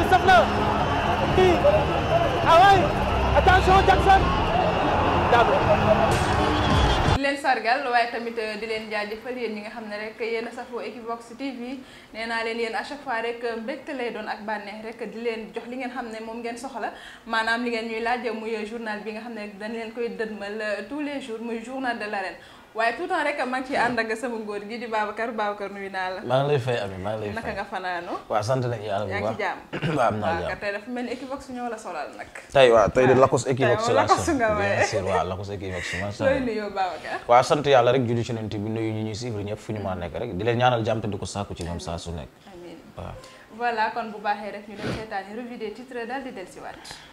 bi saf na kii away ah attention Jackson daanu di leen sargal waaye tamit eh, di leen li yéen ñi nga xam ne rek yéen a safoo Equivox TV nee naa leen yéen à chaque fois rek eh, mbégte lay doon ak bànneex rek di leen jox li ngeen xam ne moom ngeen soxla maanaam li ngeen ñuy laaj eh, muy journal bi nga xam ne dañ leen koy dëdmal tous les jours muy journal de l'arène waaye tout le temps rek maa ngi ciy ànd ak sama góor gi di Babacar Babacar nuyu naa la. maa ngi lay fay Ami maa ngi lay fay naka nga fanaanoo. waaw sant nañu yàlla bu baax yaa ngi ci jàmm. waaw am naa jàmm la solal nag. tey waaw ah. la sol nga waaye bien sûr waaw Lacoste Equivox macha yàlla rek julli ci nant bi nuyu ñu ñuy suivre ñëpp fu ñu maa nekk rek di leen ñaanal jàmm te di ko sàkku ci ñoom saa su nekk. amiin waaw. voilà kon bu baaxee rek ñu dem seetaani revue des titres daal di dellusiwaat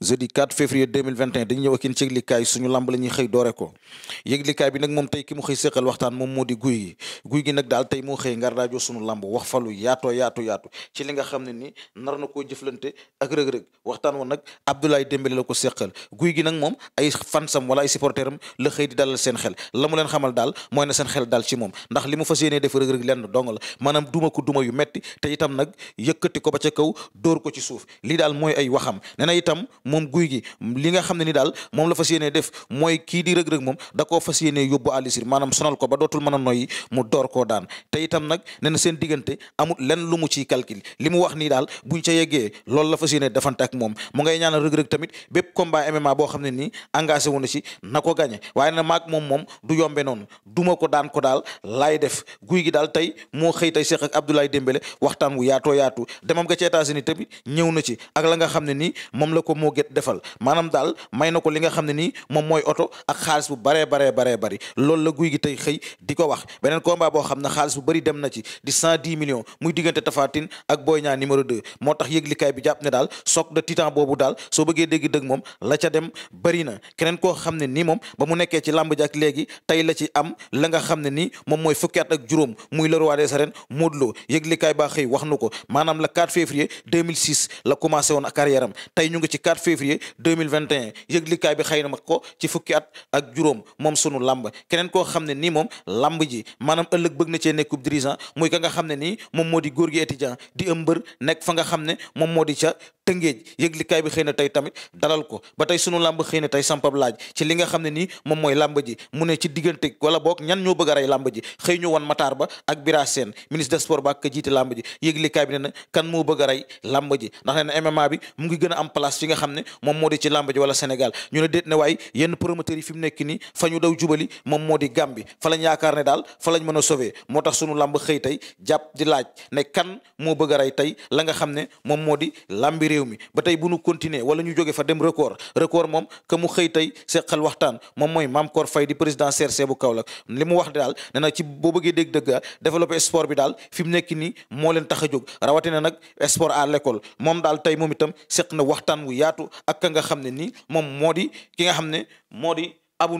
jeudi 4 février 2021 dañu ñëw ak yéen ci yëglikaay suñu lamb la ñuy xëy doore ko yëglikaay bi nag moom tey ki mu xëy séqal waxtaan moom moo di guy gi nag daal tey moo xëy ngar daajoo suñu lamb wax falu yaatoo yaatu yaatu ci li nga xam ne ni nar na koo jëflante ak rëg-rëg waxtaan woon nag Abdoulaye Dembélé la ko séqal guy gi nag moom ay fansam wala ay supporteram la xëy di dalal seen xel la mu leen xamal daal mooy na seen xel daal ci moom ndax li mu fas yéenee def rëg-rëg lenn dong la maanaam duma ko duma yu metti te itam nag yëkkati ko ba ca kaw dóor ko ci suuf lii daal mooy ay waxam nee na itam moom guy gi li nga xam ne ni daal moom la fa yéene def mooy kii di rëg-rëg moom da fas yéene yóbbu àlisir maanaam sonal ko ba dootul mën a noyyi mu door koo daan te itam nag nee na seen diggante amul lenn lu mu ciy calcul li mu wax nii daal buñ ca yeggee loolu la fa yéene defante ak moom mu ngay ñaanal rëg-rëg tamit bépp combat MMA boo xam ne nii engagé wu na ci na ko gagné waaye na maag moom moom du yombe noonu duma ko daan ko daal laay def guy gi daal tey moo xëy tey Cheikh ak Abdoulaye Dembélé waxtaan wu yaatoo yaatu demam nga ci États-Unis tamit ñëw na ci ak la nga xam ne nii moom la ko moo get defal maanaam daal may na ko li nga xam ne nii moom mooy oto ak xaalis bu baree baree baree bari la guy gi tey xëy di ko wax beneen combat boo xam ne xaalis bu bari dem na ci di cent dix millions muy diggante Tapha Tine ak Boy Niang numéro deux moo tax yëglikaay bi jàpp ne daal choc de titan boobu daal soo bëggee dégg dëgg moom la ca dem bëri keneen koo xam ne ni moom ba mu nekkee ci làmb ji ak léegi tey la ci am la nga xam ne ni moom mooy fukki at ak juróom muy le roi des arènes Modou Lo yëglikaay wax nu ko maanaam la 4 février 2006 la commencé woon ak carrière am tey ñu ngi février 2021 yëglikaay bi xëy na ma ko ci fukki at ak juróom moom sunu làmb keneen koo xam ne nii moom làmb ji maanaam ëllëg bëgg na cee nekkub dirigeant muy ka nga xam ne ni moom moo di góor gi étudiant di ëmbër nekk fa nga xam moom moo di ca tëngéej yëglikaay bi xëy na tey tamit dalal ko ba tey sunu làmb xëy na tey sampab laaj ci li nga xam ne nii moom mooy làmb ji mu ne ci diggante wala boog ñan ñoo bëgg a rey làmb ji xëy ñu wan Matar Ba ak Bira Sène ministre des ba ak bi na kan moo bëgg a rey làmb ji ndax nee mu ngi gën a am place fi nga xam ne moom moo di ci làmb ji wala Sénégal ñu ne déet ne waaye yenn mu nekk nii fa ñu daw moom moo di Gambie fa lañ yaakaar ne daal fa lañ mën a sauver moo tax sunu làmb xëy tey jàpp di laaj ne kan moo bëgg a tey la nga xam ne moom moo di làmbi réew mi ba tey bu nu continuer wala ñu jóge fa dem record record moom que mu xëy tey seqal waxtaan moom mooy Mame Kor Faye di président CRC bu Kaolack li mu wax daal ne ci boo bëggee dégg dëgg développer sport bi daal fi mu nekk nii moo leen tax a jóg rawatina nag sport à lekkool moom daal tey moom itam seq na waxtaan wu yaatu ak ka nga xam ne nii moom moo di ki nga xam ne moo di Abou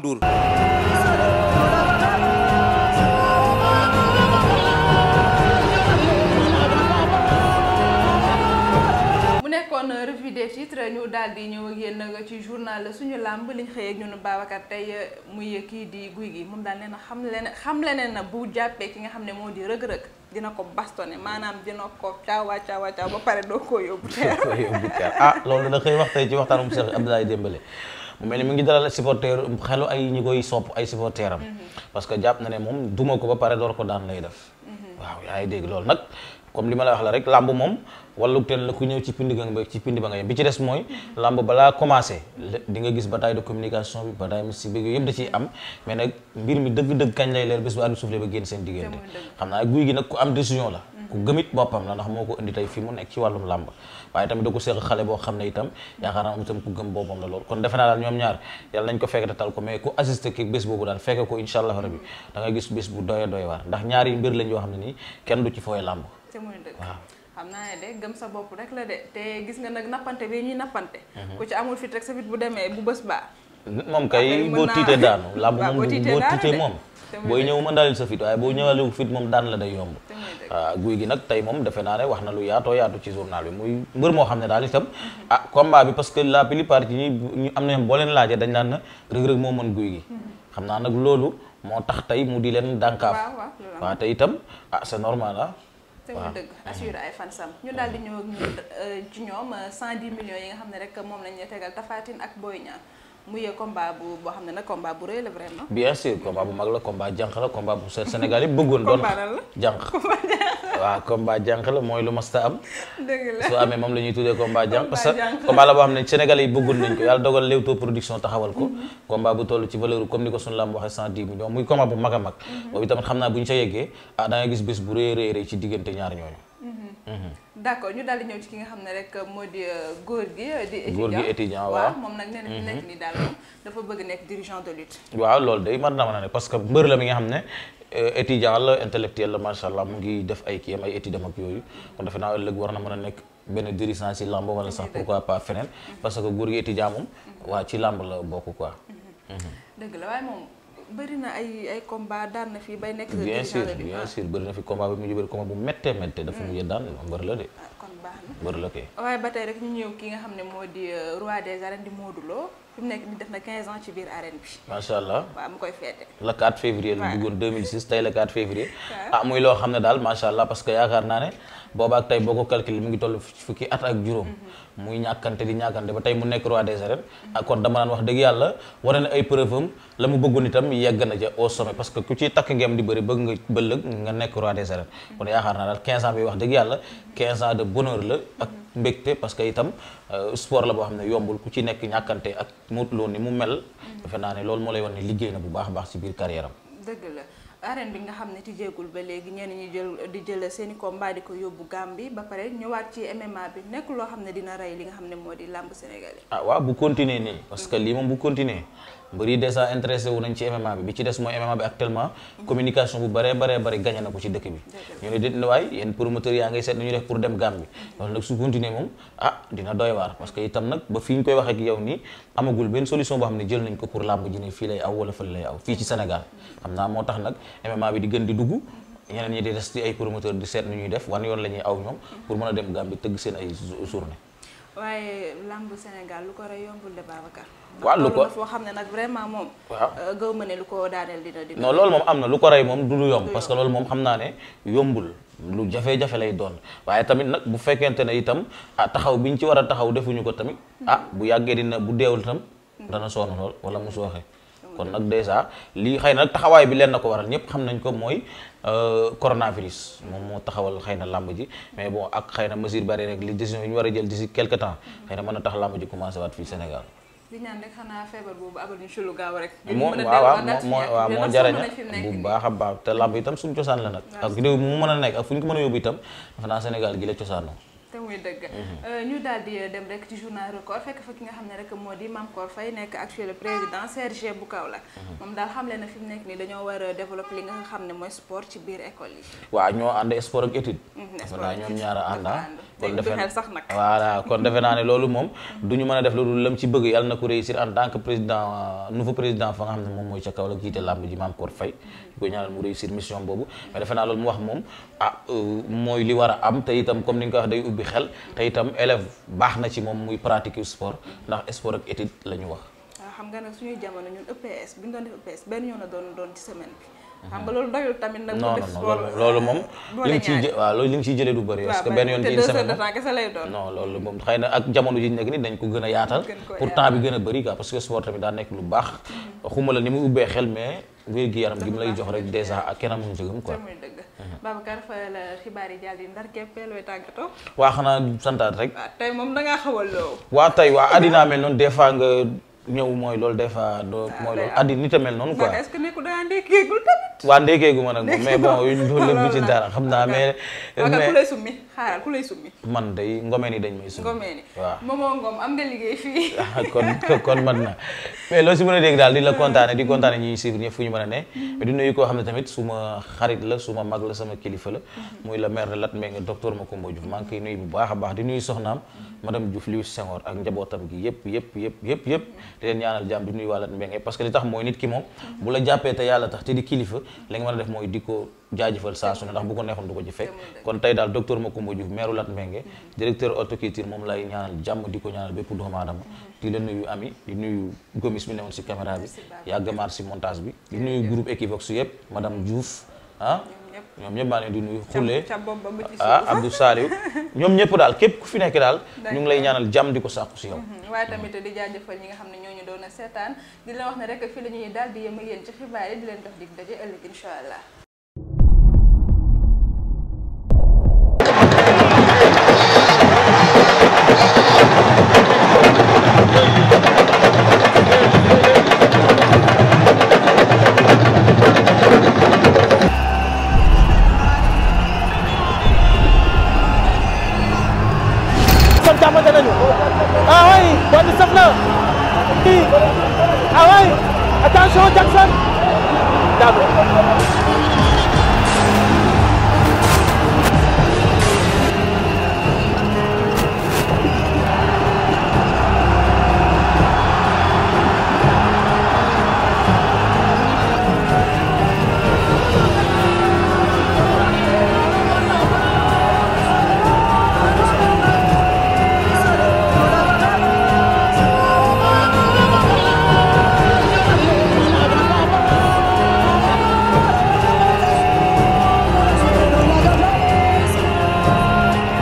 ci journal suñu làmb liñ xëyee ak ñun Babacar tey euh, muy kii di guy gi moom daal nee na xam leen xam leneen na bu jàppee ki nga xam ne moo di rëg-rëg dina ko bastonné maanaam dina ko caawa caawa caawa ba pare doo ko yóbbu teer ah loolu da xëy wax tey ci waxtaan mu Cheikh Abdoulaye Dembélé mu mel ni mu ngi dalal supporter xelu ay ñi koy sopp ay supporter am mhm. parce que jàpp na ne moom duma ko ba pare door ko daan lay def mhm. waaw yaa ngi dégg loolu nag comme li ma la wax la rek làmb moom wàllu teen la ku ñëw ci pindi ba nga yem bi ci des mooy làmb balaa commencé di nga gis bataille da la ku gëmit moo ko indi tey fi mu nekk ci wàllum làmb waaye tamit da ko xale boo xam ne itam yaakaar naa itam ku gëm boppam la lool kon defe naa daal ñoom ñaar yàlla nañ ko fekk te tal ko mais ku assisté ki bés boobu daal fekk ko incha allah rabbi da nga gis bés bu doye doye ndax ñaari mbir lañ yoo xam ne nii kenn du ci fooy làmb te mooy dëgg waaw xam naa ne de gëm sa bopp rek la de te gis nga nag nappante bi ñii nappante mhm. ku ci amul fit rek sa fit bu demee bu bës baa moom kay boo tiitee daanu làmb moom boo tiitee moom booy ñëw mën daalil sa fit waaye boo ñëwalul fit moom daan la day yomb waaw ah, guy gi nag tey moom defe naa ne wax na lu yaatoo yaatu ci journal bi muy mbër moo xam ne daal itam mhm. ah combat bi parce que la plupart ci ñi am na ñoom boo leen laajee dañ naan na rëg-rëg moo mën guy gi mhm. xam naa nag loolu moo tax tey mu di leen dànkaaf waaw te itam ah c'est normal ah te muy dëgg mm-hmm. assuré ay fansam ñu daal di ñëw ak ñu euh, ci ñoom 110 euh, millions yi nga xam ne rek moom lañ ñu tegal Tapha ak Boy Niang muy combat bu boo xam ne nag combat bu rëy la vraiment. bien sûr combat bu mag la combat jànq la combat bu Sénégal yi bëggoon doon. combat lan la jànq. waaw combat jànq la mooy lu masta am. dëgg amee moom lañuy ñuy tuddee combat jànq. parce que combat la boo xam ne Sénégal yi bëggoon nañ ko yàlla dogal Leewtoo production taxawal ko. Mm-hmm. combat bu toll ci valeur comme ni ko sunu lamb waxee cent dix millions muy combat bu mag a mag. Mm-hmm. boobu tamit xam naa bu ñu sa yeggee ah da gis bés bu rëy a rëy ci diggante ñaar ñooñu. Mm-hmm. d' accord ñu daal di ñëw ci ki nga xam ne rek moo di euh, góor gi. Euh, di étudiant góor gi étudiant waaw moom nag nee na fi mm-hmm. nekk nii daal moom dafa bëgg nekk dirigeant de lutte. waaw loolu day mën na mën a ne parce que mbër la mi nga xam ne euh, étudiant la intellectuel la macha mu ngi def ay kii am ay études am ak kon defe naa ëllëg war na mën a nekk. benn dirigeant ci lamb wala sax pourquoi pas feneen mm-hmm. parce que góor gi étudiant moom waa ci lamb la bokk quoi. dëgg la waaye bëri na ay ay combat daan na fi bay nekk. bien sûr bien sûr bëri na fi combat bi mu bëri combat bu méttee méttee. dafa mujj daan mbër la de. Ah, kon baax na mbër la kay. waaye ba tey rek ñu ñëw ki nga xam ne moo di euh, roi des arènes di Modou Lo. fi mu nekk nii def na 15 ans ci biir arène bi. macha allah waaw mu koy féete. le 4 février lu duggoon 2006 tey le février. ah muy loo xam ne daal macha allah parce que yaakaar naa ne boobaak tey boo ko calculé mu ngi toll fukki at ak juróom. Mhm. muy ñàkkante di ñàkkante ba tey mu nekk roi des arènes. ak ah, kon dama naan wax dëgg yàlla wane ay preuve la mu bëggoon itam yegg na ca au sommet parce que ku ci takk ngem di bëri bëgg nga bëllëg nga nekk roi des arènes. Mhm. kon yaakaar naa daal 15 ans bi wax dëgg yàlla mbégte parce que itam euh, sport la boo xam ne yombul ku ci nekk ñàkkante ak Modou Lo ni mu mel. Mm-hmm. defe naa ne loolu moo lay wan liggéey na bu baax a baax ci biir carrière arène bi nga xam ne tijjeegul ba léegi ñenn ñi jël di jël seen i combat di ko yóbbu Gambie ba pare waat ci MMA bi nekk loo xam ne dina rey li nga xam ne moo di làmb sénégalais. Ah, bu continuer nii parce que lii moom bu continuer mbër yi déjà wu nañ ci MMA bi bi ci des mooy MMA bi actuellement communication bu bare bare bare gagné na ko ci dëkk bi ñu ne déet waay yéen pour dem Gambie loolu nag su continuer moom ah dina doy waar parce que itam nag ba fi ñu koy waxee ak yow nii amagul benn solution boo xam ne jël nañ ko pour làmb ji ne fii lay aw wala fële lay aw fii ci Sénégal xam naa moo tax nag MMA bi di gën di dugg ñeneen ñi di des ci ay promoteur di seet nu ñuy def wan yoon la ñuy aw ñoom pour mën a dem Gambie tëgg seen ay journée waaye lambu Sénégal lu ko rey yombul de Babacar. waaw lu ko foo xam ne nag vraiment moom. waaw euh, ma ne lu ko daaneel dina dina. non loolu moom am na lu ko rey moom du lu yomb parce que loolu moom xam naa ne yombul lu jafe-jafe lay doon waaye tamit nag bu fekkente ne itam ah taxaw bi ñu ci war a taxaw defuñu ko tamit ah bu yàggee dina bu deewul itam mm. dana sonn lool wala mu sooxe. kon nag dèjà lii xëy na taxawaay bi leen na ko waral ñëpp xam nañ ko mooy euh, coronavirus moom moo taxawal xëy na làmb ji mais bon ak xëy na mesure bari rek li décision yi ñu war a jël d'ici quelque temps xëy na mën a tax làmb ji commencé waat fii Sénégal di rek xanaa feebar moo waaw moo waaw moo jarañ baax a baax te làmb itam suñu cosaan la nag ak réew mu mën a nekk ak fu ñu ko mën a yóbbu itam dafa naa Sénégal gi la cosaanoo te muy dëgg euh, ñu daal dem rek ci journal record fekk fa ki nga xam ne rek moo di Mame Kor Faye nekk actuel président CRG bu Kaolack moom daal xam leen na fi nekk nii dañoo war a développer li nga xam ne mooy sport ci biir école yi waaw ñoo ànd sport ak étude mm-hmm, naa ñoom ñaar a ànda ah. kon defe naa ne loolu moom du mën a def loolu lam ci bëgg yàlla na ko réussir en tant que président euh, nouveau président fa nga xam ne moom mooy ca Kaolack jiite làmb ji mm-hmm. ah, euh, a am te ubbi xel te itam élève baax na ci moom muy pratique sport ndax sport ak étude la ñu wax. waaw ah, xam nga nag suñuy jamono ñun EPS bi ñu doon def EPS benn yoon la doon doon ci semaine bi. xam nga loolu doyul tamit nag. moom. loolu yoon ci une semaine non loolu moom xëy na ak jamono ji nekk nii dañ ko gën a yaatal. pour temps bi gën a bëri quoi parce que sport tamit daa nekk lu baax. Mm-hmm. xuma ni muy ubbee xel mais wér gi yaram gi mu lay jox rek dèjà ak kenn amuñu jëgam quoi. Uh-huh. Babacar fa la eh, xibaar yi jàll yi ndar keppee looy tàggatoo. waa xanaa santaat rek. waaw ah, moom da ngaa xawal loo. waa tey waa àddina mel noonu des fois nga. ñëw mooy loolu des fois doo ah, mooy loolu addi nit a mel noonu quoi. est waa ndékkeegu ma nag mais bon loolu lépp dara xam naa mais. mais man day ngomeen yi dañ may summi. ngomeen ah, kon kon man na mais loolu si a dégg daal di la ah. di kontaane ñuy suivre fu ñu mën ne. nuyu koo xam ne suma xarit la suma mag la sama kilifa la. Mhm. muy la maire de Latmingué docteur Macoumba Diouf maa ngi koy nuyu bu baax a baax di nuyu soxnaam mhm. madame Diouf Liou Senghor ak njabootam gi yëpp yëpp yëpp yëpp yëpp di leen ñaanal jàmm di nuyu wàllat mbéngay parce que li tax mooy nit ki moom bu la jàppee te yàlla tax te di kilifa li nga a def mooy di ko jaajëfal saa su ne ndax bu ko neexoon du ko ci fekk kon tey daal docteur Macoumba Diouf maire Lat Mbengue directeur horticulture moom lay ñaanal jàmm di ko ñaanal bépp doomu aadama di la nuyu ami di nuyu gomis bi newoon si caméra bi yàgg maar si montage bi di nuyu groupe Equivox yëpp madame Diouf ah ñoom ñëpp maa ngi leen di nuyu xulle ah Abdou ñëpp daal képp ku fi nekk daal ñu ngi lay ñaanal jàmm di ko sàkku si yow mm-hmm. waaye tamit di jaajëfal ñi nga xam ne ñooñu doon a seetaan di leen wax ne rek fii la ñuy daal di yem ak yéen ci xibaar yi di leen dox dig daje ëllëg incha allah